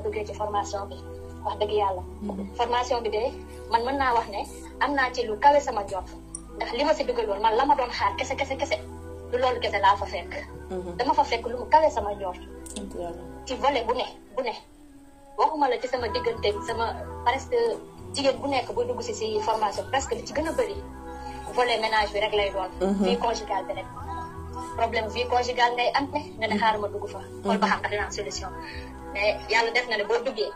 ba duggee ci formation bi wax dëgg yàlla. formation bi de man mën naa wax ne am naa ci lu kawe sama jot ndax li ma si dugaloon man la ma doon xaar kese kese kese lu loolu kese laa fa fekk. Mhm. dama fa fekk lu mu kawe sama jot. ci volet bu ne bu ne waxuma la ci sama diggante sama presque jigéen bu nekk buy dugg si si formation presque li ci gën a bëri volet ménage bi rek lay doon. Mhm. fii conjugal bi rek. problème vie conjugale ngay am ne nga ne xaaral ma dugg fa. Mhm. xool ba xam ndax dina am solution. mais yàlla def na ne boo duggee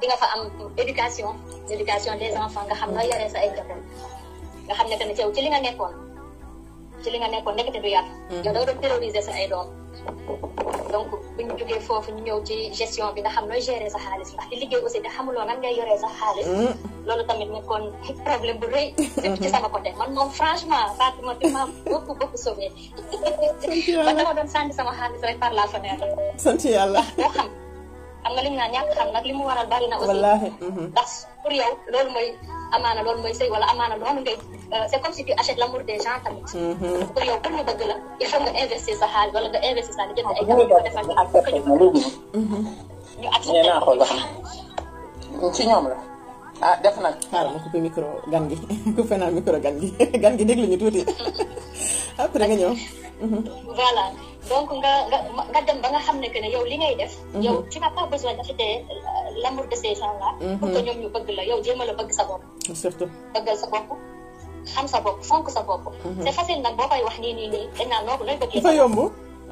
di nga fa am éducation éducation des enfants nga xam nga yore sa ay njaboot nga xam ne que ne ci li nga nekkoon. ci li nga nekkoon nekkati du yàlla. Mhm. yow da nga doon terroriser sa ay doom. donc bu ñu foofu ñu ñëw ci gestion bi nga xam nooy gérer sa xaalis ndax di liggéey aussi te mhm. loolu tamit nekkoon problème bu rëy. surtout ci sama côté man moom franchement Fatima bi ma beaucoup beaucoup sauvé. sant yàlla ba dama doon sànni sama xaalis rek par la fenêtre. sant yàlla moo xam. am na lim naa ñàkk xam nag li mu waral bari na aussi mhm. ndax pour yow loolu mooy amaana loolu mooy sëy wala amaana noonu ngay euh, c'est comme si tu achètes l'amour des gens tamit mhm. pour yow pour ñu bëgg la il nga investir sa xaalis wala nga investir sa jënd ay gam ko defal ñu accepté mhm. ñu accepté nee naa xam ci ñoom la ah def nag. xaaral ma coupé micro gan gi coupé naa micro gan gi gan gi déglu ñu tuuti après nga ñëw. Mhm. voilà donc nga nga dem ba nga xam ne que ne yow li ngay def. Mhm. yow ci n'as pas besoin d'acheter l'amour de ces gens là. Mhm. pour que ñoom ñu bëgg la yow jéem la bëgg sa bopp. surtout bëggal sa bopp. xam sa bopp fonk sa bopp. c'est facile nag boo koy wax nii nii nii dañ naan noobu lay bëggee. dafa yomb.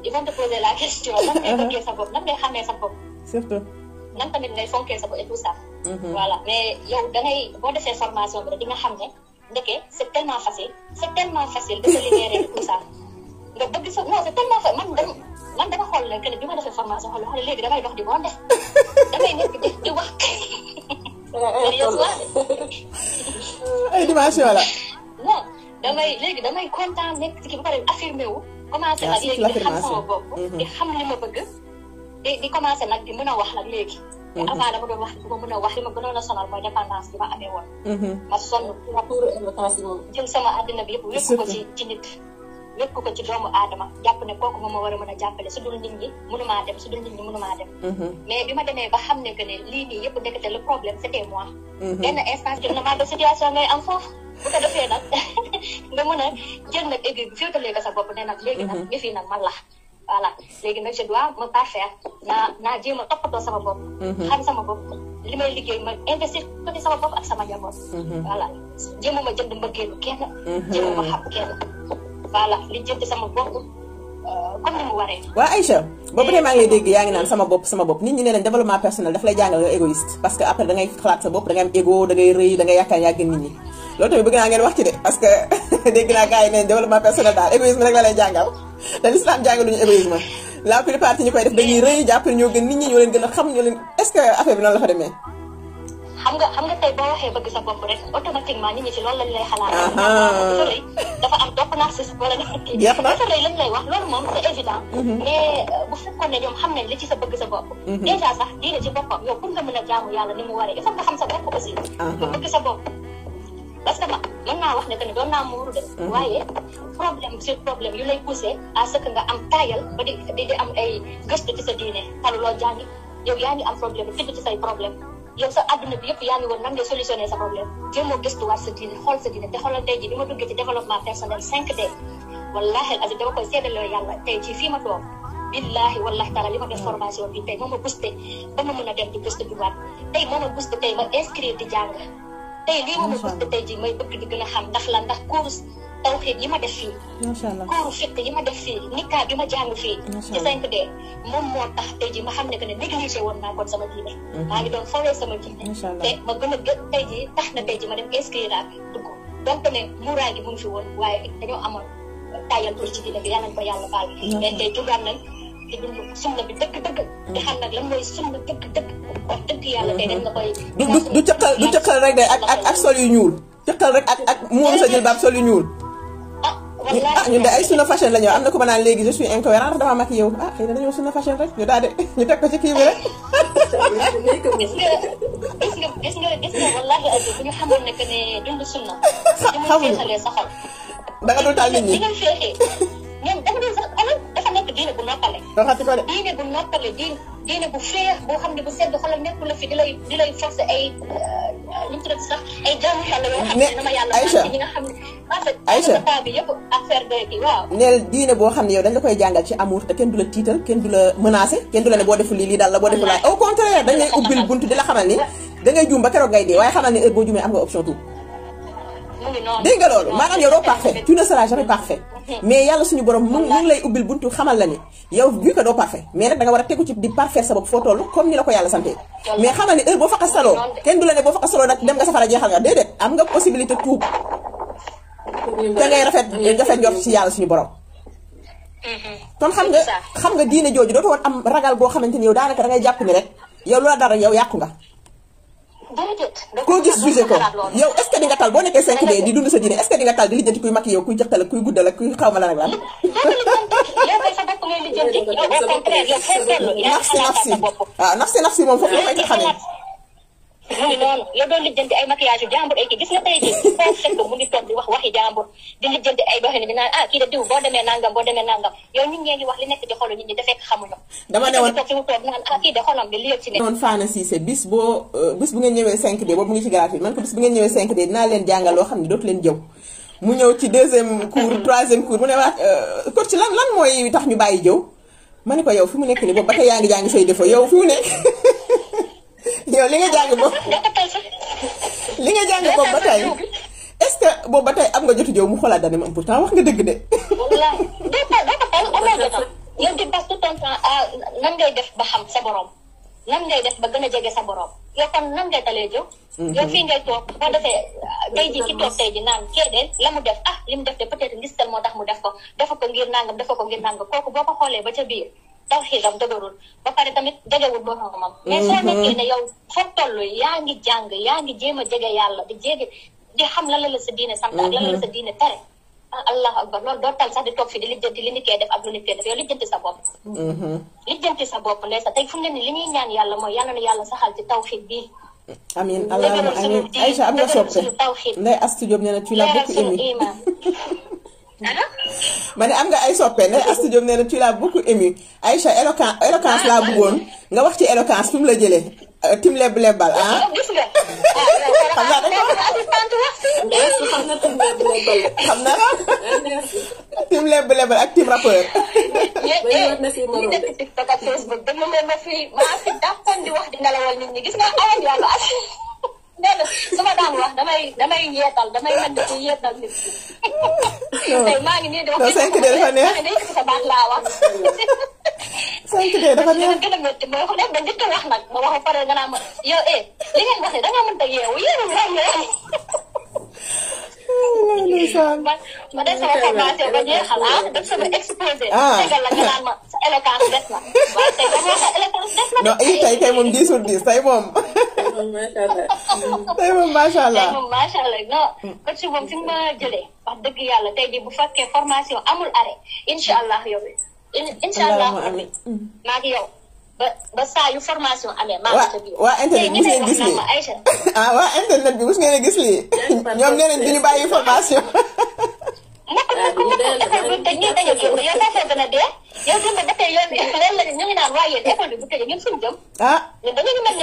ils vont te la question nan ngay bëggee sa sa bopp. surtout. nan tamit ngay fonkee sa bopp et tout ça. Mm-hmm. mais yow da boo defee formation bi di nga xam ne ndeke c' est tellement facile c' est tellement facile de se libérer de nga bëgg sa non c' bi ma defee formation xool léegi damay dox di bon def damay nekk di di wax. ay dimension la. non damay léegi wu. commencé xam sama mm-hmm. ma bëgg. di di commencé nag di mën a wax nag léegi. te mhm. avant dama doon wax di ko a wax li ma gënoon a sonal mooy dépendance bi ma amee woon. Mhm. ma sonn ma tuuru ko ci ci nit. aadama jàpp ne kooku moom ma war a mën a jàppale su dul nit ñi dem su dul nit ñi a dem. Mhm. mais bi ma demee ba xam ne ne lii nii yëpp ndekete le problème c'était moi. benn instance na maa de situation ngay am foofu. bu ko defee nag nga mën a jël nag aiguille bi sa bopp ne nag léegi nag ñu fi voilà léegi nag je dois me parfaire naa naa jéem a toppatoo sama bopp. xam sama bopp li may liggéey ma investir ko ci sama bopp ak sama njaboot. voilà jéemuma li jënd sama bopp comme ni mu waree. waaw Aïcha boobu de maa lay dégg yaa ngi naan sama bopp sama bopp nit ñi ne leen développement personnel daf lay jàngal nga égoïste parce que après da ngay xalaat sa bopp da am égo da rëy da ngay yaakaar nit ñi. loolu tamit bëgg naa ngeen wax ci de parce que dégg naa gars yi ne développement personnel daal égoïsme rek la lay jàngal te l'islam jàngaluñu égoïsme la plupart ñi koy def dañuy rëy jàpp ñoo gën a xam ñoo la xam nga xam nga tey boo waxee bëgg sa bopp rek automatiquement nit ñi ci loolu lañ lay sa rëy na sa rëy lañ lay wax loolu moom c'est évident. Mhm. mais euh, bu ne li ci sa bëgg sa bopp. Mhm. déjà sax diine ci boppam yow pour nga mën a jaamu yàlla ni mu waree il faut nga xam sa bopp aussi. nga bopp. parce que man naa wax ne que ne doon naa muuru de. Mhm. waaye problème sur problème yu lay poussé à ce nga am taayal ba di di am ay gëstu sa diine am problème tibb say problème yow sa adduna bi yëpp yaa ngi woon nan ngay solutionné sa problème xool sa diine te xoolal tey ji bi ma duggee ci développement personnel 5D wallaahi al dama koy seedaloo yàlla tey ci fii ma toog billahi wallahi taala li ma def formation bi tey moo ma ba ma a dem di gëstu bi waat tey moo ma boosté tey ma inscrire di jàng tey lii moom a bëgg tey may bëgg di gën a xam ndax la ndax cours tawxiid yi ma def fii. macha allah cours fiq yi ma def fii nika bi ma jàng fii. ci 5D moom moo tax tey jii ma xam ne que ne négligé woon naa kon sama diine. maa ngi doon foowee sama diine. gën a gë tax na tey jii ma dem inscrire ak dugg donc ne muuraay gi mu fi woon waaye dañoo amoon tàyyal pour ci diine bi yàlla nañ ko yàlla baal. mais tey jugaan nañ. te dund sunna bi dëgg mm. dëgg. te xam nag lan mooy sunna dëgg du du du cëqal du cëqal rek de ak ak sol yu ñuul. cëqal rek ak ak muuru sa jëlbaab sol yu ñuul. ah wallaahi ah ñun de ay sunna fashion la ñu am na ko ma a léegi je suis incohérente dafa ah, nga gis nga gis nga gis nga wallaahi ne que ne dund sunna. da nga dul taal nit ñi. ñoom dafa waxati ko de. diine bu noppale diine diine bu féex boo xam ne bu sedd xolam nekkul la fi di lay di lay forcer ay lu euh, mu tuddati sax ay jaamu yàlla ne dama yàlla. Aïcha ñi nga xam ne en fait. Aïcha bi yëpp affaire de kii waaw. neel diine boo xam ne yow dañ la koy jàngal ci amour kenn du la tiital kenn du la menacé kenn du la ne boo deful lii lii daal la boo deful laay au contraire dañ lay ubbil buntu di la xamal ni da ngay juum ba keroog ngay dee waaye xamal ni heure boo juumee am nga option tout dégg nga loolu maanaam yow doo parfait tu ne parfait mais yàlla suñu borom mu ngi lay ubbil buntu xamal la ni yow vu que doo parfait mais nag nga war a tegu ci di parfait sa bopp foo toll comme ni la ko yàlla santé mais xamal ni heure boo faqa saloo kenn du la ne boo faqa saloo nag dem nga safara jeexal nga déedéet am nga possibilité tuub te ngay rafet mm-hmm. rafet ci yàlla suñu borom mm-hmm. kon xam nga xam nga diine jooju dootu woon am ragal boo xamante ni daanaka da ngay jàpp ni rek yow lu koo gis jugé ko yow est-ce que boo nekkee 5D di dund sa diine est-ce que di lijjanti kuy mag yow kuy jëxtal ak kuy guddal ak kuy xaw ma lan ak nafsi nafsi waaw nafsi nafsi moom foofu la fay xamee. muy noonu la doon lijjanti ay maquillage yu jàmbur ay kii gis nga tey ah, diw boo demee nangam boo demee nangam yow nit ñee ngi wax li nekk di xolu ah, bi li yëpp ci ne noonu euh, boobu mu ngi ci gratuit man ko bis bu ngeen ñëwee 5D dinaa leen jàngal loo xam ne dootu leen jëw mu ñëw ci deuxième cours troisième cours mu ne waat euh, coach ci lan lan mooy tax ñu bàyyi jëw ma ne ko yow fi mu nekk ni boobu ba tey yaa ngi jàngi say defo yow fi mu nekk yow li nga jàng boobu li nga jàng boobu ba tey est-ce que boobu ba tey am nga jotu jëw mu xoolaat daal ne am pourtant wax nga dëgg de. wallaahi déedéet da nga koy am lay jotal yow ah, ngay def ba xam sa borom nan ngay def ba gën a jege sa borom yow kon nan ngay dalee jëw. Mhm. yow fii ngay toog boo defee ah, tey ji ki toog tey ji naan kee la mu def ah li mu def de peut-être ngistal moo tax mu def ko dafa ko ngir nangam dafa ko ngir nangam kooku boo ko xoolee ba ca biir. taw xiisam dëgërul ba pare tamit jegewul boromam mais soo mhm. nekkee ne yow foo toll yaa ngi jàng yaa ngi jéem a jege yàlla di jéege di xam lan la la sa diine sant ak lan la la mhm. sa diine tere ah, allahu akbar loolu doo tal sax di toog fi di lijjanti li ni koy def ak lu ni koy def yow lijjanti sa bopp mhm. lijjanti sa bopp ndey sa tey fu mu li ñuy ñaan yàlla mooy yàlla na yàlla saxal ci tawfiq bii amin allahumma amin Aïcha am nga soppe nday astu Diop nee na tu l'as beaucoup aimé alors. ma ne am nga ay soppe ne Astou Diop nee na tu l'as beaucoup ému Aïcha éloquence éloquence laa bëggoon nga wax ci éloquence fi la jëlee. Euh, tim leb lebal ah. xam naa tim leb lebal ak tim rappeur. nee na su ma daan wax damay damay yeetal damay mën di yeetal nit tey maa ngi nii di wax. cinq de dafa neex day sa baat laa wax. cinq de dafa neex gën a métti mooy ko def ba njëkk wax nag ma wax ba pare nga naan ma yow eh li ngeen wax da nga mënta yeewu yéen ma ma def sama formation ba jeexal ah def sama exposé. tegal la nga naan ma sa éloquence des na. waaye tey sa éloquence des na. non tey kay moom diisul diis tey moom. moom macha allah. tey moom macha allah tey moom macha allah non. kon si moom fi mu ma jëlee wax dëgg yàlla tey jii bu fekkee formation amul arrêt incha allah yow. incha allah amiin maa ngi yow. ba saa yu formation amee. maa ngi tëb yow waa internet bi bi mos ngeen a gis lii. ñoom nee nañ du ñu bàyyi dañuy dañuy yóbbu yow daa see gën a dee yow tamit dafay yoon loolu la ñu ngi naan waaye école bi bu tëjee ñun suñu jëm. ah ñun dañu mel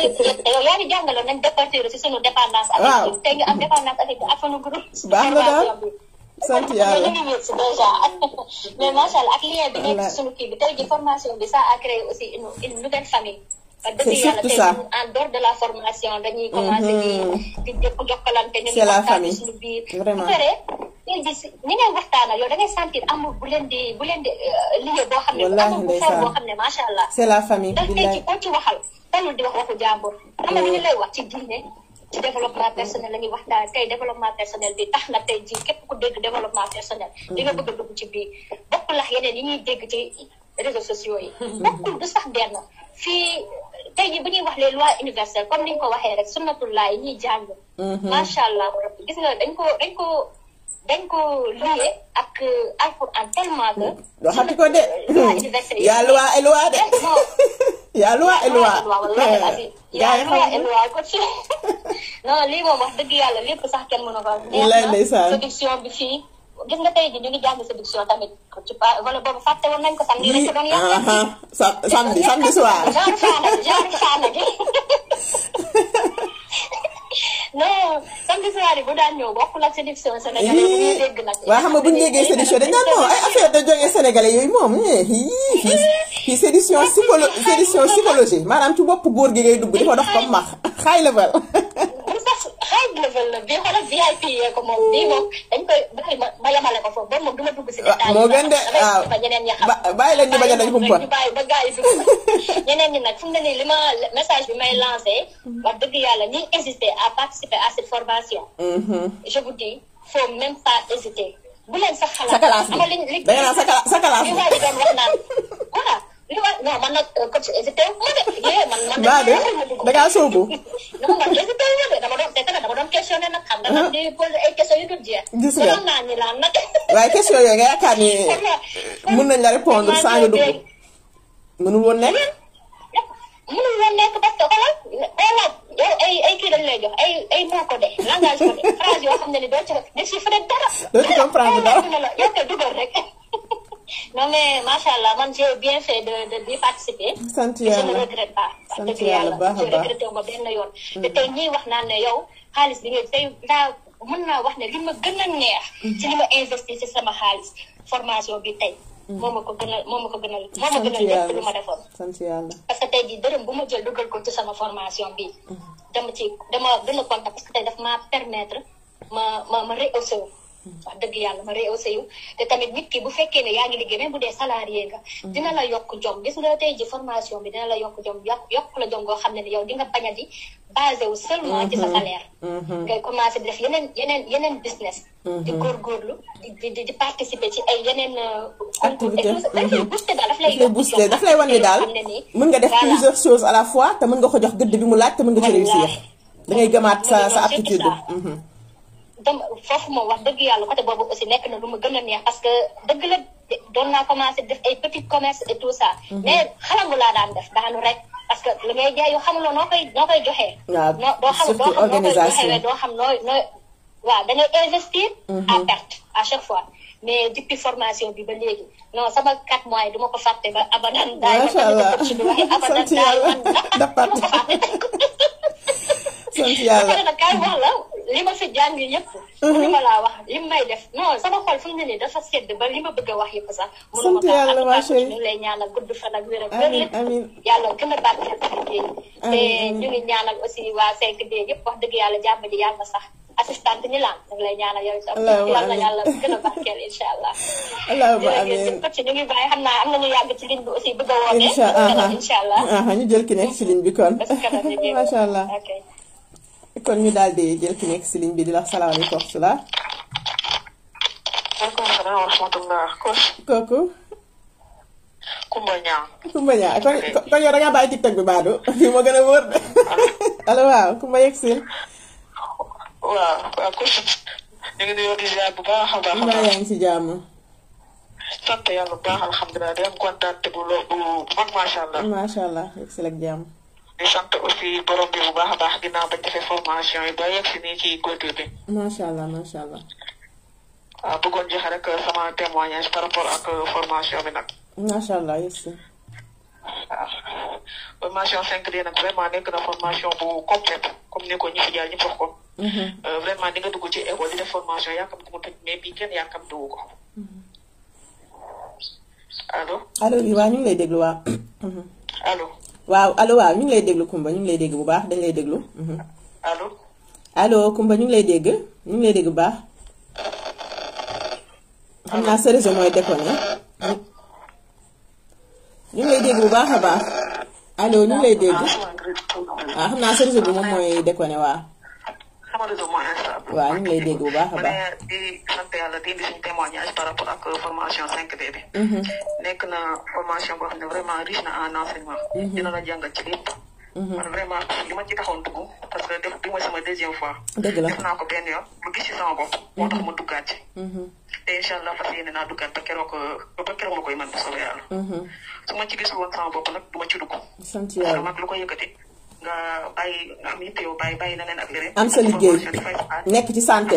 si sunu dépendance. waaw tey nga am dépendance avec ak sunu groupe. baax na daal sant yàlla ñu ak lien bi nekk si kii bi tey ji bi ça a créé aussi une une nouvelle famille. c'est surtout ça en dehors de la formation dañuy commencé mm-hmm. di di jëpp jokkalante ñu c'est la famille suñu biir vraiment bu paree tey gis ñi ngay waxtaana yow da ngay sentir bu leen di bu leen di euh, liggéey boo xam ne amul bu fort boo xam ne macha allah c'est la famille ndax tey ci koo ci waxal talul di wax waxu jàmbur xam nga ñu mm-hmm. lay wax ci diine ci développement personnel la ñuy waxtaan bi tax na tey jii képp ku dégg développement personnel li nga mm-hmm. bëgg a dugg ci biir bokkul ak yeneen yi ñuy dégg ci réseaux sociaux yi bokkul du sax benn fii tey jii bu ñuy wax les lois universelles comme ni nga ko waxee rek sunnatullah yi ñuy jàng. Mhm. macha allah gis nga dañ ko dañ ko dañ ko lié ak euh, alquran tellement que. waxati ko de. yaa loi et loi de. yaa loi et loi. yaa loi et loi non lii moom wax dëgg yàlla lépp sax kenn mënu ko. wallaahi ndeysaan production bi fii. gis nga tey jii ñu ngi jàng séduction tamit ci ko samedi rek doon yàq. Ah, ah, samedi samedi soir. genre faana genre faana gi. non yi bu daan ñëw bokkul ak séduction sénégalais bu ñuy dégg nag. waaw xam nga bu ñu déggee séduction dañ naan non ay affaire da jógee sénégalais yooyu moom ñee fii fii séduction psycholo maanaam ci bopp góor gi ngay dugg di ko dox comme max xaay la high level la bii xoolal VIP yee ko moom ni moom dañ koy bàyyi ma ma yemale ko foofu ba moom du ma dugg si ah, détail moo gën de waaw ah, bàyyi leen ñu bañ a dañ ko mën ba yi fi ñeneen ñi nag fu mu ne nii li ma message bi may lancé mm-hmm. wax dëgg yàlla ñi insister à participer à cette formation mm-hmm. je vous dis faut même pas hésiter bu leen sax xalaat sa classe bi da nga naan sa classe bi wax naan voilà li ma non man nag coach hésité ma de. man da ngaa sóobu. non man hésité wu ma de dama doon na dama doon questionné nag xam nga nag di posé ay questions yu dul jeex. gis ni laan nag. waaye question yooyu nga yaakaar ni mën nañ la répondre sans nga dugg. mënul woon nekk. mënul woon nekk parce que xoolal kii dañ lay jox ay ay moo ko de langage yoo xam ne ni doo ci déchiffrer dara. ci comprendre dara yow rek. non mais macha allah man j'ai bien fait de de di participer. sant yàlla je ne regrette pas. sant yàlla baax a baax je regrette ma benn yoon. Mm. te tey ñii wax naan ne yow xaalis bi nga tey laa mën naa wax ne li ma gën a neex. ci li ma investir ci sama xaalis formation bi tey. Mm. moo ma ko gën a moo ma ko gën a. moo ma gën a lépp lu ma defoon. sant yàlla parce que tey jii dërëm bu ma jël dugal ko ci sama formation bi mm. dama ci dama gën a kontaan parce que tey daf maa permettre ma ma ma réussir. wax dëgg yàlla ma rehaussé yu te tamit nit ki bu fekkee ne yaa ngi liggéey même bu dee salarié nga mm-hmm. dina la yokk jom gis nga tey ji formation bi dina la yokk jom yokk yokk la jom goo xam ne ne yow di nga a di basé wu seulement ci sa mm-hmm. salaire mm-hmm. ngay commencé di def yeneen yeneen yeneen business di góorgóorlu di di di participer ci ay yeneen euh, activité boosté daal daf lay boosté daf lay wan ne daal mën nga def plusieurs choses à la fois te mën nga ko jox gëdd bi mu laaj te mën nga ci réussir da ngay gëmaat sa sa aptitude dama foofu moom wax dëgg yàlla côté boobu aussi nekk na lu ma gën a neex parce que dëgg la doon naa commencé def ay petit commerce et tout ça. Mhm. mais xalangu laa daan def daanu rek. parce que li ngay jaay yoo xamuloo noo koy noo koy joxee. waaw surtout organisation doo xam noo koy joxee doo xam noo waaw da ngay investir. à mhm. perte à chaque fois. mais depuis formation bi ba léegi non sama 4 mois yi du ma ko fàtte ba abadan. macha allah daal ah, ma ko fàtte. sant yàlla nag kaay wax la li ma fi jàng yëpp. Mhm. li ma laa wax li may def non sama xol fu mu ne nii dafa sedd ba li ma bëgg a wax yëpp sax. sant yàlla ma chérie ñu ngi lay ñaanal gudd fan ak wér ak wér. amiin yàlla gën a barkeel ci liggéey. te ñu ngi ñaanal aussi waa 5D yëpp wax dëgg yàlla jàmm ji yàlla sax. assistante ñu laan ñu ngi lay ñaanal yow itam. yàlla yàlla gën a barkeel incha allah. allahumma amiin jërëjëf ñu ngi bàyyi xam naa am nañu yàgg ci ligne bi aussi bëgg a wootee. incha allah ñu jël ki nekk ci ligne bi kon. macha allah kon ñu daal di jël ki nekk si bi di salaam wa rahmatulah. kooku. Kumba Kumba Ñaŋ kon kon yow da ngaa bàyyi TikTok bi baadu lii moo gën a wóor de. Ah. waaw Kumba yegg si. waaw bu baax a baax. yaa ngi si jàmm. sant bu baax alhamdulilah di allah. macha allah ak jàmm. di sant aussi borom bi bu baax a baax ginnaaw bañ defee formation yi ba yegg si nii ci góote bi. macha allah macha allah. waaw ah, bëggoon joxe rek sama témoignage par rapport ak euh, formation bi nag. macha allah yes. waaw ah. formation 5D nag vraiment nekk na formation bu complète comme ni ñi fi jaar ñu wax ko. Mm-hmm. Euh, vraiment di nga dugg ci école di def formation yaakaar naa ko tëj mais bii kenn yaakaar naa dugg ko. Mm-hmm. allo. waa ñu lay déglu waa. Mm-hmm. waaw allo waaw ñu ngi lay déglu Kumba ñu ngi lay dégg bu baax dañ lay déglu. allo. allo Kumba ñu ngi lay dégg ñu ngi lay dégg bu baax. xam naa sa réseau mooy déconné. ñu ngi lay dégg bu baax a baax. allo ñu ngi lay dégg. waaw ah, xam naa sa réseau bi moom mooy déconné waaw. waaw ñu ngi lay dégg bu baax a baax. di sant yàlla a indi suñu témoignage par rapport ak formation 5D bi. Mhm. nekk na formation boo xam ne vraiment riche na en enseignement. Mhm. dina a jàngal ci lépp. Mhm. man vraiment li ma ci taxoon dugg parce que def bi mooy sama deuxième fois. dëgg la def naa ko benn yoon bu gis ci sama bopp. moo koy mën bu soobee yàlla. su ma ci gisul woon sama bopp nag du ma ci dugg. sant yàlla parce que lu ko nga bàyyi nga am yitte am sa liggéey nekk ci santé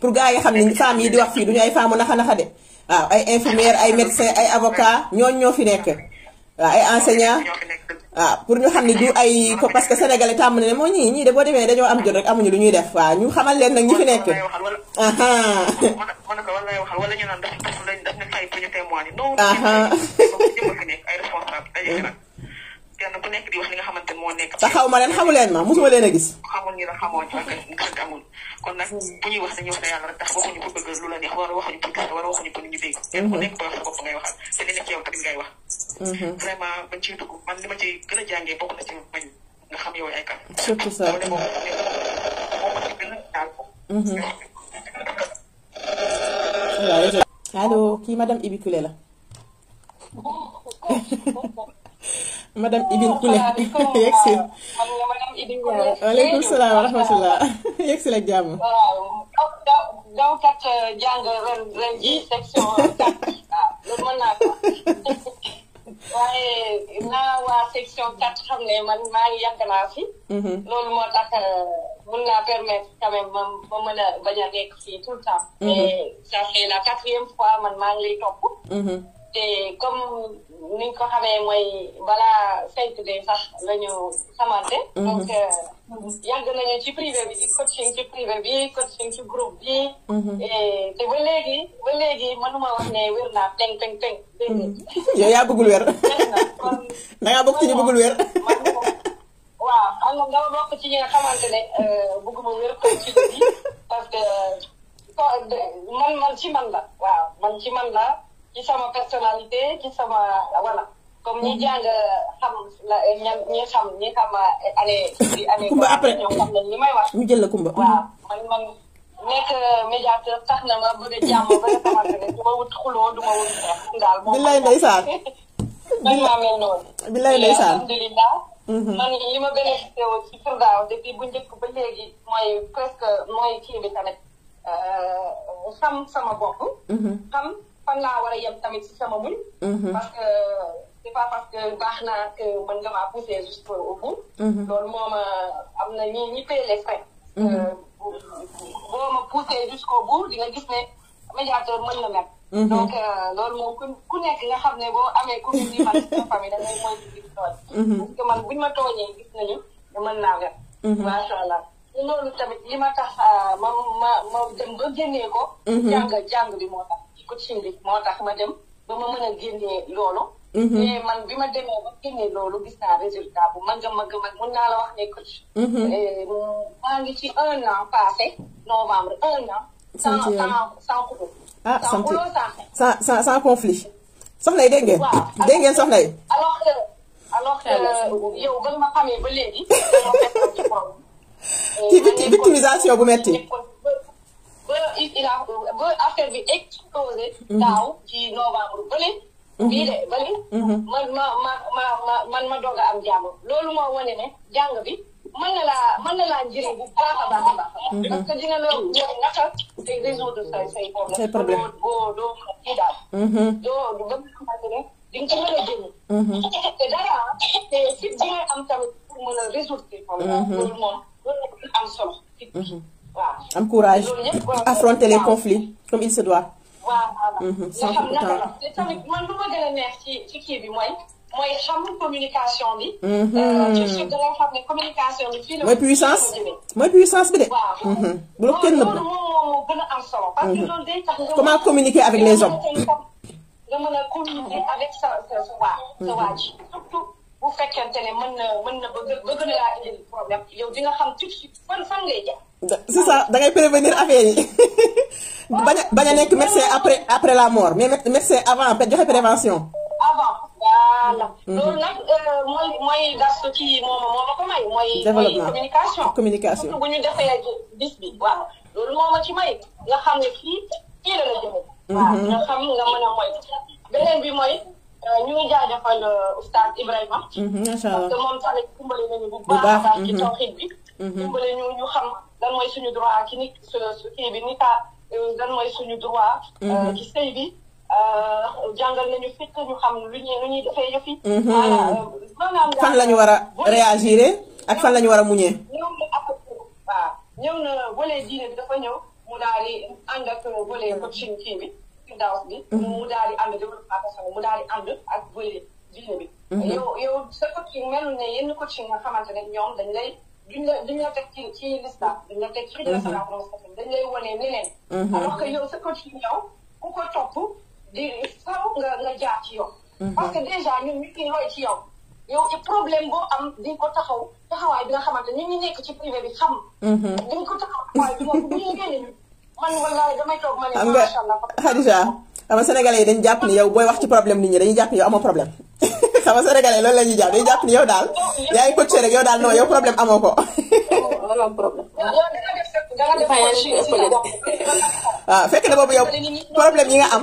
pour gars yi xam ne femmes yi di wax fii du ñu ay femmes naxa naxa de waaw ay infirmière ay médecin ay avocat ñooñu ñoo fi nekk. waaw ay enseignant waaw pour ñu xam ne du ay parce que sénégalais tàmm na ne moo ñii ñii de boo demee dañoo am jot rek amuñu lu ñuy def waaw ñu xamal leen nag ñi fi nekk. wala ñu naan daf daf leen daf leen fay pour ñu témoigner. non. kenn ku nekk di wax li nga xamante moo nekk. te xaw ma leen xamu leen ma mosuma leen a hmm. bu ñuy wax dañuy wax ne yàlla lu la neex wala waxuñu pour wala waxuñu pour ñu dégg. Hmm. kenn ku nekk sa bopp ngay li nekk yow tamit ngay wax. Hmm. vraiment bañ ciy a na ci mañ nga xam yow ay kan. surtout ça loolu moom moom moo ci gën a daal ko. kii madame Ibi Kule la. madame oh, Idine Koule yegg si. waaleykum salaam wa rahmatulah yegg si la jàmm. daw kat euh, jàng ren ren ji section euh, quatre loolu mën naa ko waaye naa waa section quatre man maa ngi naa fi. Mm-hmm. loolu moo tax euh, mun naa permettre quand mm-hmm. man maa ngi lay topp. Mm-hmm. te eh, comme ni nga ko xamee mooy balaa saytu de sax la ñu xamante. Mhm. Euh, mhm. yàgg nañu ci privé bi di coaching ci privé bi coaching ci groupe bi. Mhm. Eh, te ba léegi ba léegi mënuma wax ne wér naa teng teng teng. yow yaa bëggul wér. na ngaa bokk ci ñu wér. waaw xam nga dama bokk ci ñi nga xamante ne euh, bëgguma wér parce que man man ci man la waaw man ci man la. ci sama personnalité ci sama voilà comme ñi mm-hmm. jàng xam la ñi xam ñi xam euh, année bi année. kumba après ñoom xam nañ li may wax. ñu jël la kumba. waaw man man nekk euh, médiateur tax na ma bëgg a jàmm ba nga xamante ne du ma wut xuloo du ma wut xeex daal. billaay ndeysaan. man maa mel noonu. billaay ndeysaan alhamdulilah. Mm-hmm. man li ma bénéficié woo ci Firdaaw depuis bu njëkk ba léegi mooy presque mooy kii bi tamit euh, xam sama bopp. Mm-hmm. xam. fan laa war a yem tamit sama muñ. Mhm. parce que c'est parce que baax naa que mën nga maa pousser juste au bout. Mhm. loolu moom am na ñi ñi paye les frais. Mhm. Euh, boo ma poussé jusqu'au bout di nga gis ne médiateur mën na mel. donc euh, loolu moom ku nekk nga xam ne boo amee commune bi man sa famille dangay mooy gis tooñ. parce que man buñ ma tooñee gis nañu mën naa mel. macha allah. loolu tamit li ma tax ah, ma ma ma dem ba génnee ko. Mhm. jàng jàng bi moo tax ci coaching bi moo tax ma dem ba ma man a génnee loolu. Mhm. mais man bi ma demee ba génnee loolu gis naa résultat bu mag a mag a mag mun naa la wax ne coach. Mhm. Eh, maa ngi ci un an passé novembre un an. sant yàlla sans sans sans ah sant sans sans sans conflit. soxna yi dégg ngeen. waaw dégg ngeen ci euh, victimisation bu metti ba il bi explosé. Mhm. daaw ci novembre bële. Mhm. bii de bële. Mhm. man ma ma ma ma man ma doog a am jàng loolu moo wane ne bi mën na laa mën na bu baax a baax a baax. parce que dina la yor naka say say problème. doo doo kii daal. doo di nga mën a génn. te dara te problème loolu moom. loolu am solo. waaw am courage affronter les conflits comme il se doit. waaw mm-hmm. sans a neex kii bi mooy. mooy xam communication bi. ci suuf da nga xam ne communication bi fii la. mooy puissance mooy puissance bi de. waaw mm-hmm. bu la kenn nëbb. moo gën a am solo. parce que mm-hmm. comment communiquer avec les hommes. a bu fekkente ne mën na mën na bëgg bëgg na laa indil problème yow di nga xam ci de fan fan ngay jaar. c'est ça da prévenir affaire bañ a bañ a nekk médecin après après la mort mais médecin avant joxe prévention. avant voilà. Mhm. loolu nag euh, mooy mooy gas moo ma ko may. mooy communication communication. bu ñu defee bis bi waaw loolu moo ma ci may nga xam ne kii mhm. nga xam a moy beneen bi mooy. Euh, ñu ngi jaajëfal euh, oustaz Ibrahima. Mhm, macha allah parce que moom tamit dimbali nañu bu mhm. mhm. ñu ñu xam mooy suñu droit su su kii bi ni kaa euh, lan suñu droit. ci sëy bi jàngal nañu fekk ñu xam lu ñuy lu ñuy defee yëf yi. fan la ñu war a réagir ak fan la war a muñee. ñëw na ak waaw ñëw diine bi dafa ñëw mu daal di ànd ak volet coaching kii prudence bi. Mhm. mu da di a développement personnel mu daal di ak volet diine bi. Mhm. yow yow sa coaching melul ne yenn coaching nga xamante ne ñoom dañ lay duñ la duñ la teg ci ci lislam duñ la teg ci lislam mhm. dañ lay wane neneen. alors que yow sa coaching yow ku ko topp di faw nga nga jaar ci yow. parce que déjà ñu ngi roy ci yow. yow ci problème boo am di ko taxaw taxawaay bi nga xamante ni ñu nekk ci privé bi xam. dañ ko taxaw taxawaay bi moom bu ñu génnee man xam nga Khadija xam nga yi dañu jàpp ni yow booy wax ci problème nit ñi dañuy jàpp ni yow amoo problème xam nga sénégalais loolu la ñuy jàpp dañuy jàpp ni yow daal yaay coaché rek yow daal non yow problème amoo ko. waaw ah, fekk na boobu yow problème yi nga am.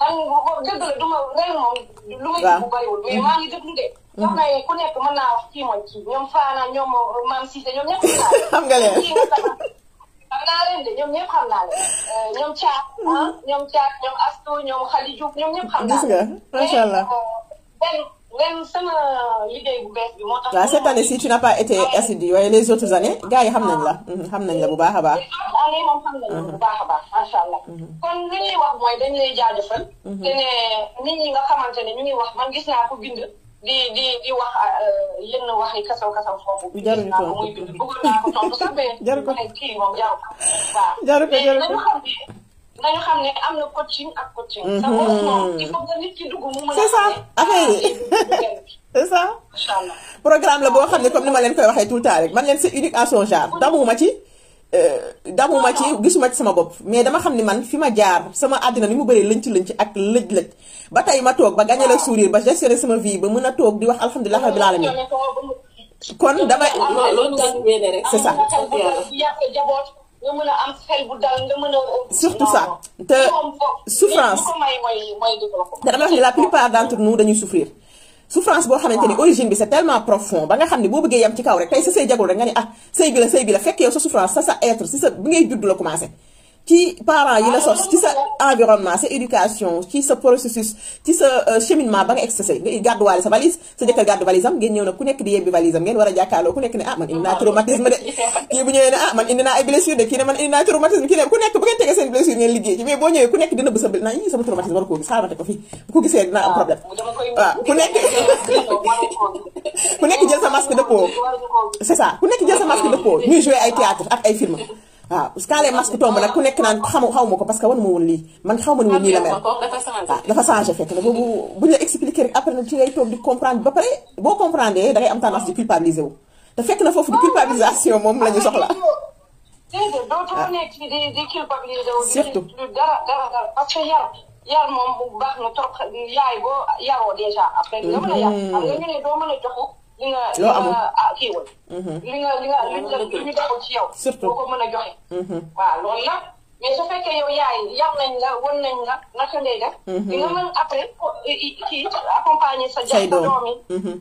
man dëgg la du ma léegi moom. lu ma yëg bu bariwul. mais maa ngi déglu de. ñoom nay ku nekk mën naa wax kii mooy kii ñoom Fana ñoom maam Cissé ñoom ñëpp xam nga leen kii xam naa leen de ñoom ñëpp xam naa leen. ñoom Thiat ah ñoom Thiat ñoom Astou ñoom Khady Diouf ñoom ñëpp xam naa. gis nga macha allah benn. ren sama liggéey bu bees bi moo tax. waaw cette année ci tu n'as pas été assidu waaye les autres années gars yi xam nañ la. xam nañ la bu baax a baax. waaw léegi moom xam nañ la bu baax a baax macha allah. kon li ñuy wax mooy dañ lay jaajëfal. te mm-hmm. ne nit ñi nga xamante ne ñu ngi wax man gis naa ko bind. di di di wax euh, yenn wax yi kasaw kasaw foofu. jarul ko tontu gis naa ko muy bind bëggoon naa ko tontu sax mais. jarul ko kii moom jarul ko. jarul ko jarul ko waaw mais dañu xam ne. nañu xam ne am na coaching ak coaching. sa bopp moom il faut que nit ki a. c'est ça affaire c'est ça. programme la boo xam ne comme ni ma leen koy waxee tout le temps rek man leen c'est unique à son genre damuma ci. Euh, damuma ci gisuma ci sama bopp mais dama xam ni man fi ma jaar sama àddina ni mu bëree lënc-lënc ak lëj-lëj ba tey ma toog ba gagné la sourire ba gestionné sama vie ba mën a toog di wax alhamdulilah rabbil alamin kon dama. c'est ça. nga mën a am xel bu dal nga mën a. surtout ça te souffrance te dama wax ni la plupart d'entre nous dañuy souffrir. souffrance boo xamante ni origine bi c'est tellement profond ba nga xam ne boo bëggee yam ci kaw rek tey sa sëy jagul rek nga ni ah sëy bi la sëy bi la fekk yow sa souffrance sa sa être si sa bi ngay judd la commencé. ci parents yi la sos ci sa environnement sa éducation ci sa processus ci sa euh, cheminement ba nga excessé nga gàdduwaale sa valise sa jëkkër gàddu valise am ngeen ñëw na ku nekk di yebbi valise am ngeen war a jàkkaarloo ku nekk ne ah man indi naa traumatisme de kii ah, ne ku nekk bu ngeen tegee seen blessure ngeen liggéey ci mais boo ñëwee ku nekk dina bësa bi naa sama traumatisme war koo gis xaaral ma teg ko fii bu ko gisee dina am problème waaw ku nekk ku nekk waaw ah, jusqu'à les masques tombent nag ku nekk naan xamu xaw ma ko parce que wan ma lii man xaw ma ni woon la mel ah, dafa changé fekk na boobu buñ la expliqué rek après nag ci ngay toog di comprendre ba pare boo comprendre da ngay am tendance di culpabiliser wu te fekk na foofu di culpabilisation moom la soxla déedéet a yar. Mm-hmm. a joxu. li nga li nga li nga li nga li nga li ñu ci yow. surtout boo ko mën a joxe. waaw loolu la mais su fekkee yow yaay yar nañ la won nañ la naka ngay def. di nga mën après kii accompagner sa. say doom sa doom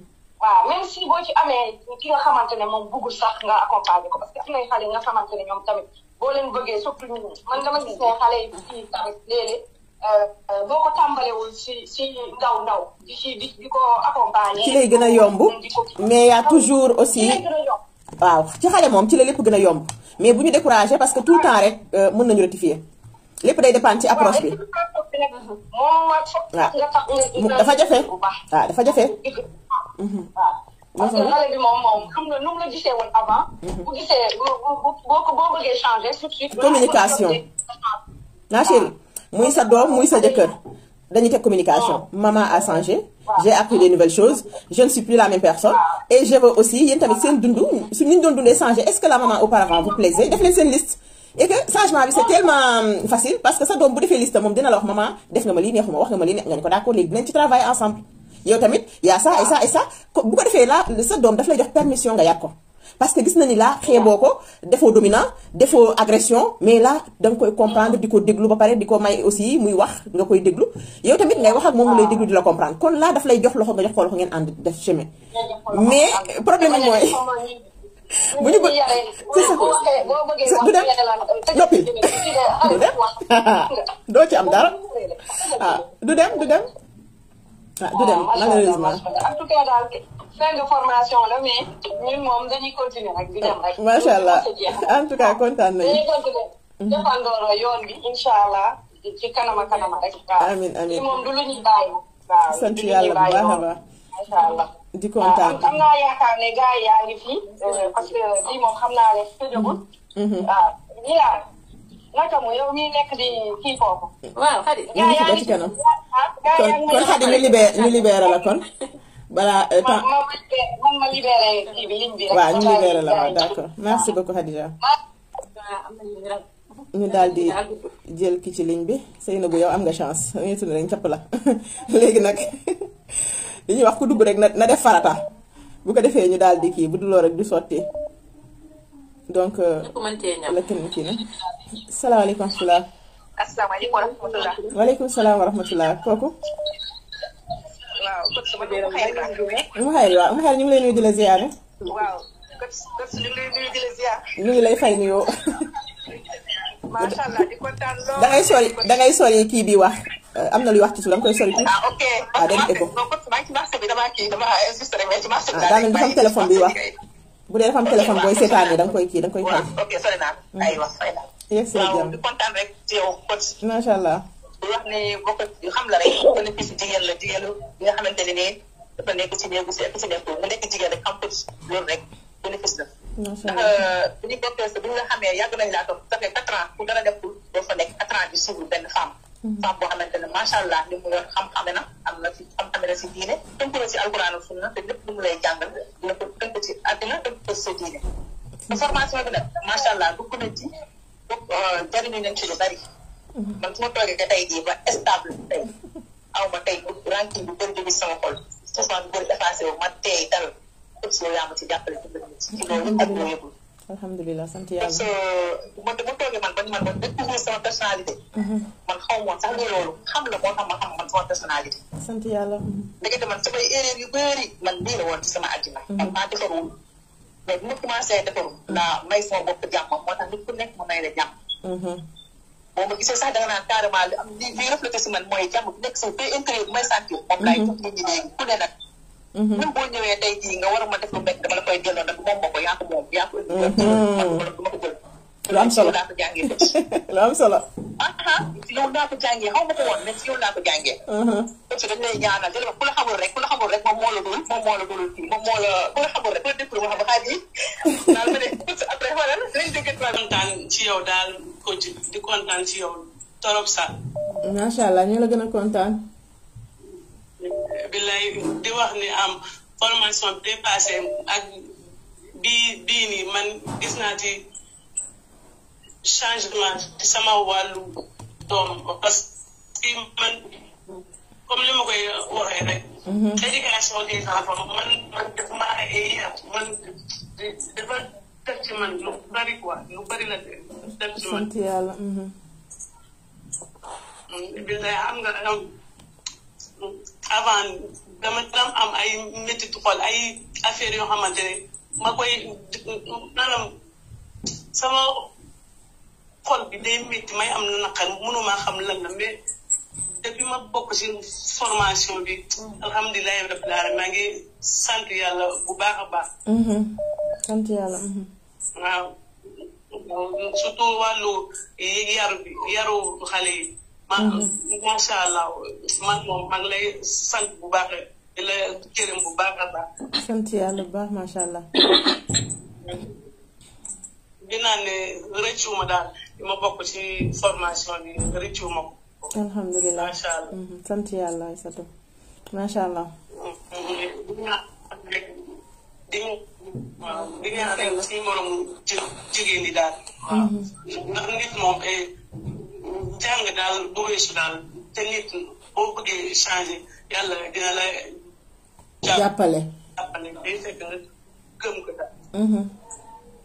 même si boo ci amee ki nga xamante ne moom bëggul sax nga accompagner ko parce que am nay xale nga xamante ne ñoom tamit boo leen bëggee surtout ñun man dama gis ne xale yi tamit léeg-léeg. Euh, euh, boo ko tàmbalewul si si ndaw ndaw di ci ko accompagner. ci lay gën a yomb mais y a toujours aussi. waaw ci xale moom ci la lépp gën a yomb mais bu ñu découragé parce que tout le temps rek euh, mën nañu rectifier lépp day dépendre ci approche bi. waaw dafa jafe waaw dafa jafe. Mhm. parce que xale bi moom moom xam nga nu la gisee woon avant. Mhm. bu gisee boo ko boo bëggee changer. communication. naa chérie. muy sa doom muy sa jëkkër dañuy teg communication maman a changé j'ai appris des nouvelles choses je ne la même personne et je veux aussi yéen tamit seen dund su ñu doon dundee changé est-ce que la maman auparavant vous plaisait def leen seen liste et que changement bi c'est tellement facile parce que sa doom bu defee liste moom dina la wax maman def nga ma lii neexuma wax nga ma lii neex nga ne ko d'accord léegi dinañ ci travailler ensemble yow tamit y a ça et ça et ça bu ko parce que gis na ni laa xeeboo ko defoo dominant defoo agression mais là da koy comprendre di ko déglu ba pare di ko may aussi muy wax nga koy déglu yow tamit ngay wax ak moom mu lay déglu di la comprendre kon laa daf lay jox loxo nga jox ko loxo ngeen ànd def chemin mais problème mooy bu ñu bëgg du dem noppil du dem doo ci am dara ah du dem du dem ah dem malheureusement en tout cas daal fin de formation la mais ñun moom dañuy continuer rek di dem rek. Ah, macha ah. en tout cas kontaan nañu. dañuy continuer. Mhm. defandooro yoon bi incha allah ci kanama yàlla bu baax a baax. macha di kontaan am naka mooy yow mii nekk di kii foofu. waaw xadi ñu ngi ci ba ci kanam. kon kon ñu libéré ñu libéré la kon. balaa euh, temps man ma libéré kii bi ligne bi rek. waaw ñu libéré ñu daal jël ki ci ligne bi Seynabou yow am nga chance ñu tudd nañ capp la léegi nag li ñuy wax ku dugg rek na na def farata bu ko defee ñu daal di kii bu duloo rek du sotti. donc lëkk euh, nañ ci na salaamaaleykum wa rahmatulah. asalaamaaleykum wa salaam wa rahmatulah kooku. waaw kër sama jërëm mu xayri waaw mu lay nuyu di la ziyaare. waaw kër lay fay nuyoo. macha allah di kontaan kii bi wax. Euh, am na luy wax ci suuf da nga koy sori. ah ok ah dañu ah, am téléphone bi wax. bu dee dafa am téléphone booy seetaanee da koy kii da nga koy fay. ok sori naa. Mm. aywa fay naa. yes waaw di kontaan rek ci yow. macha wax ni boo ko xam la jigéen la jigéen bi nga xamante ne nii dafa nekk ci si ak si nekk mu nekk jigéen rek xam ko loolu rek bénéfice la. macha allah ndax euh, bu ñu bokkee sa bu ñu la xamee yàgg nañ laa toog ça fait quatre ans ku dara nekkul doo fa nekk quatre ans di suivre benn femme. femme mm-hmm. boo xamante ne macha allah li mu yor xam-xame na am na ci xam-xame na si diine tënk na si alquran ak na te lépp lu mu lay jàngal dina ko tënk ci àddina tënk ko si diine mm-hmm. formation bi nag macha allah dugg nañ ci euh, jariñu nañ ci lu bari mm-hmm. man su toogee toogee tey jii ba stable tey aw ma tey ranking bu bëri bi sama xol souvent bu bëri effacé wu ma tey dal ëpp si yow yaa ma ci jàppale ci loolu ak loolu yëpp alhamdulilah sant yàlla. parce que man man bañ man ba découvrir sama personnalité. Mhm. xaw ma sax ne loolu xam la moo tax ma xam man sama personnalité. sant yàlla. Mhm. ndekete man samay erreur yu bëri man lii la woon ci sama àddina. Mhm. man maa defarul mais bu ma commencé defarul. la may sama bopp jàmm moo tax nit ku nekk ma may la jàmm. boo ma gisee sax danga naan carrément li am li li reflété si man mooy jàmm nekk si ba intérieur bi may sentir. moom laay jox nit ñi léegi ku ne nag. Mm-hmm. même boo ñëwee tey jii nga war a ma def lu métti dama la koy jëloon nag moom moo ko yaa ko moom yaa ko indi. ma ko jël. lu am solo daa ko jàngee bët. lu am solo. ah ah yow daa ko jàngee xaw ma ko woon mais si yow daa ko jàngee. Mm-hmm. parce que dañ lay ñaanal jël ku la xamul rek ku la xamul rek moom moo la dul moom moo la dul kii moom moo la ku la xamul rek ku la déglu ma xam xaaj yi. daal ma ne après xoolal dinañ dégg trop. kontaan ci yow daal ko di kontaan ci yow torop sax. macha allah ñu la gën a kontaan. billaay di wax ni am formation bi dépassé ak bii bii nii man gis naa ci changement ci sama wàllu doom parce que man comme li ma koy waxee rek. Mhm. éducation des enfants man man def maa yàq man dafa def ci man lu bari quoi lu bari la def ci man. sant yàlla. Mhm. Mm, billaay xam nga am. avant dama dam am ay métti xol ay affaire yoo xamante ne ma koy maanaam sama xol bi day métti may am na naqar mënuma xam lan la mais depuis ma bokk ci formation bi mm. alhamdulilahi rabbil alamin maa ngi sant yàlla bu baax a baax mm-hmm. sant yàlla mm-hmm. waaw surtout wàllu yaru bi yaru yi man mm-hmm. allah man moom man lay sant bu baax di la gërëm bu baax a baax. sant baax macha allah. dinaa ne rëccu ma daal li ma bokk ci formation bi rëccu ma ko. alhamdulilah macha allah mm-hmm. sant yàlla Aïssatou allah. di ñaan rek suñu morom jigéen ñi daal. waaw mm-hmm. nit moom. Eh, jàng daal bu weesu daal te nit boo changer yàlla jàppale jàppale mm-hmm.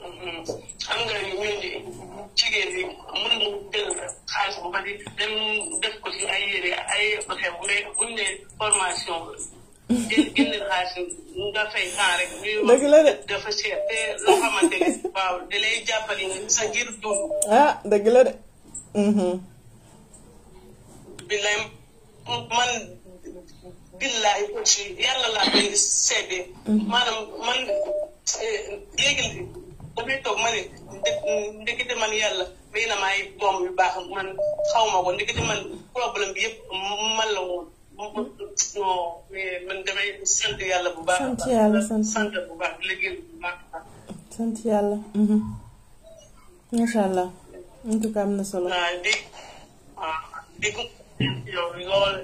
Mm-hmm. nga def ko ci ay yére ay oto bu de dafa cher te loo xamante billahi man billahi aussi yàlla laa koy seedee mm-hmm. maanaam man léegi eh, damay toog ma ne ndekete man yàlla may na maay moom yu baax man xaw ma ko ndekete man problème bi yëpp man la woon non man damay sant yàlla bu baax. sant yàlla sant bu baax liggéey mm-hmm. na solo. Ah, ah, yow mi nga war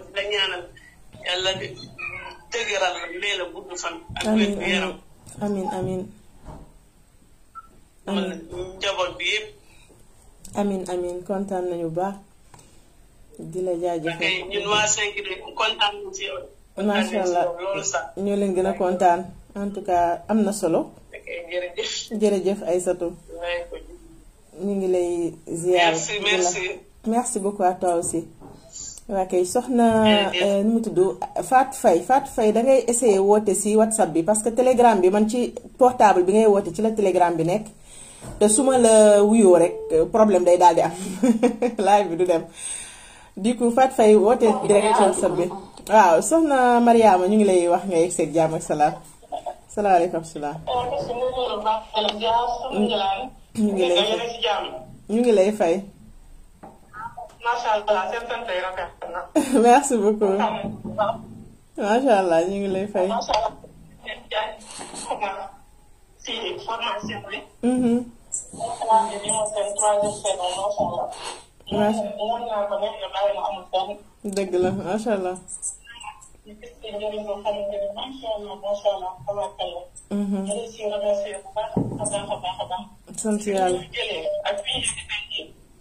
a bi yëpp. amiin kontaan nañu bu baax. di la jaajëfal ñun waa 5 kontaan nañu allah ñoo leen gën a kontaan en tout cas am na solo. jërëjëf ay Aïssatou. ñu ngi lay ziar. merci merci merci waa kay soxna euh, nu mu tudd Fatou Faye Fatou Faye da ngay essayer woote si whatsapp bi parce que telegram bi man ci portable bi ngay woote ci la telegram bi nekk te su ma la wuyoo rek euh, problème day daal di am live bi du dem du coup Fatou Faye woote direct whatsapp bi waaw soxna Mariama ñu ngi lay wax ngay egg seeg jàmm ak salaam salaamaaleykum salaam. ñu ngi lay fay. macha allah seen sant yi rafet na. merci beaucoup. macha allah ñu ngi lay fay. Mm-hmm.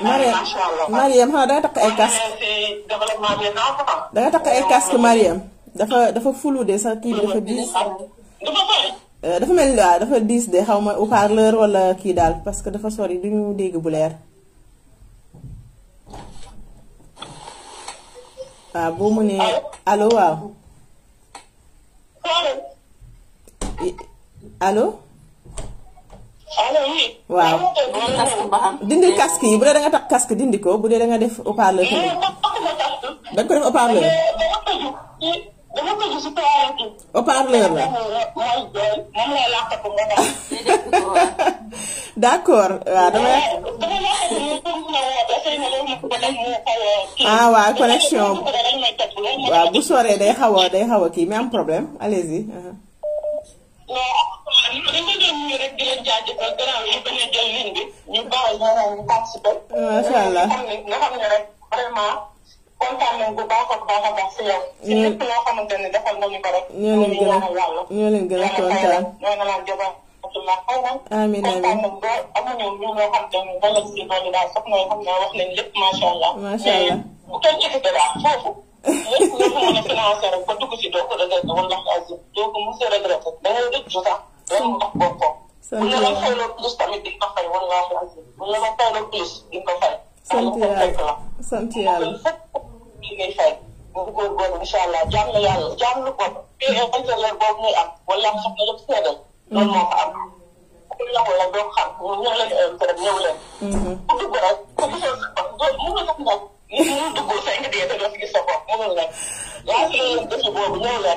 Mariam Mariam xanaa danga takk ay casque danga takk ay casque Mariam dafa dafa fulu de sax kii bi dafa diis euh, dafa mel waaw dafa diis de xaw ma haut-parleur kii daal parce que dafa sori duñu dégg bu leer waaw ah, boo mu nee allo waaw allo waaw dindil casque yi bu dee da nga tax dindi ko bu dee da def haut-parleur la. d'accord waaw ah, waaw connexion waaw bu soree day xaw a day xaw a kii mais am problème allez-y. Uh-huh. parrain bu participer. macha allah xam ne nga xam ne rek vraiment kontaan nañ a a baax si yow. si lépp loo xamante ne defal nga ñu ko rek. ñoo leen gën a ñoo leen gën a kontaan. ñoo na laan jëbal. amiin amiin amuñu ñu nga xam ne ba lañ si doon daal sax mooy xam ne wax nañ lépp macha allah. macha allah bu kenn ci daal a a sant yàlla bu ñu la ma fayloo plus tamit di nga fay wallaahi azim bu ñu la ma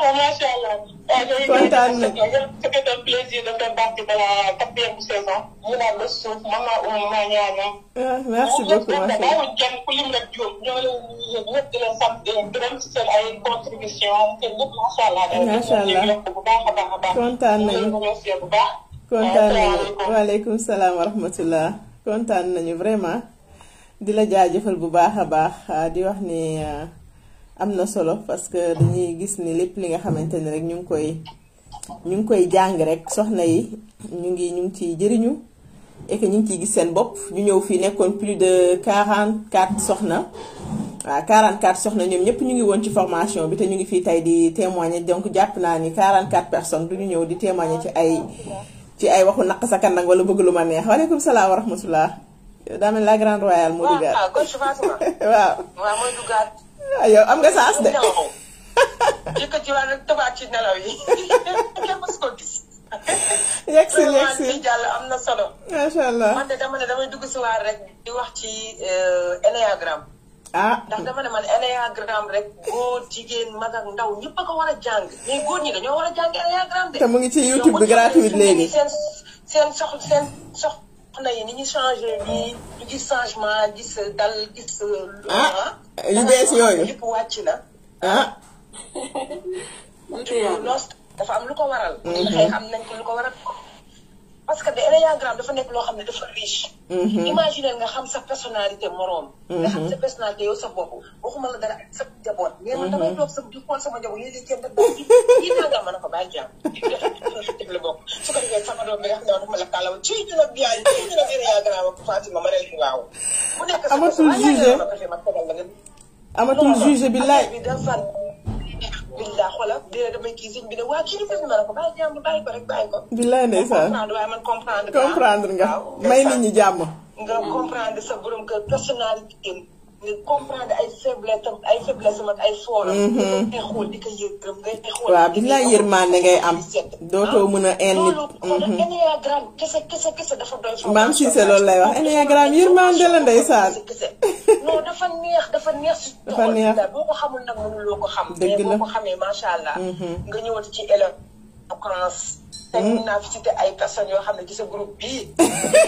waaw macha allah. kontaan ah, merci beaucoup macha allah a baax a nañu bu baax. kontaan nañu waaleykum salaam wa rahmatullah kontaan nañu vraiment di la jaajëfal bu baax a baax ah, di wax ni. Ah, am na solo parce que dañuy gis ni lépp li nga xamante ni rek ñu ngi koy ñu ngi koy jàng rek soxna yi ñu ngi ñu ngi ciy jëriñu et que ñu ngi ciy gis seen bopp ñu ñëw fii nekkoon plus de 44 soxna waaw 44 soxna ñoom ñëpp ñu ngi woon ci formation bi te ñu ngi fii tey di témoigner donc jàpp naa ni 44 personnes du ñu ñëw di témoigner ci ay ci ay waxu naq sa kan nag wala bëgg lu ma neex waaleykum salaam wa rahmatullah daa mel la waaw am nga saas de. yëkkati waa nag tëbaat ci nelaw yi kenn mës ko gis. yegg si yegg si jàll am na solo. macha allah man dama ne damay dugg si waar rek di wax ci ennéagramme. ah ndax dama ne man ennéagramme rek góor jigéen mag ak ndaw ñëpp ko war a jàng. mais góor ñi dañoo war a jàng ennéagramme de. te mu ngi ci YouTube bi gratuite léegi. seen seen sox seen sox. xale yi ni ñu changé nii ñu gis changement gis dal gis. ah yu bees yooyu lépp wàcc na. ah. dafa am lu ko waral. Mhm. xëy am nañ ko waral. parce que de énéagramme dafa nekk loo xam ne dafa riche. Mhm. imaginer nga xam sa personnalité moroom. Mhm. nga xam sa personnalité yow sa bopp waxuma la dara ak sa njaboot. Mhm. mais sama njaboot yi di jënd doom ko bàyyi jàmm. di ko def la bokk su ko defee sama doom bi nga xam ne dafa la kàllaw ci ñu ne sa billah xoolal dina dama kii sëñ bi ne waa kii sëñ bi comprendre nga may nit ñi jàmm. nga comprendre ay faiblesse ay faiblesse am ay foolam. Mhm. di xool di di xool. waaw bi lay yërmande ngay am. dootoo mën a ah, indi. loolu mhm. ennéagramme kese kese kese dafa doy. maam si se loolu lay wax ennéagramme yërmande la ndeysaan. non dafa neex dafa neex. dafa neex boo ko xamul nag ko xam. dëgg la mais xamee macha allah. Mhm. nga ñëwaat ci éloquence. tey mun naa fi cité ay personnes yoo xam ne ci sa groupe bii.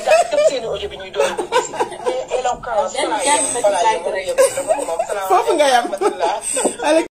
daal tëb seen i audio bi ñuy doon dugg si. mais éloquence. foofu nga yam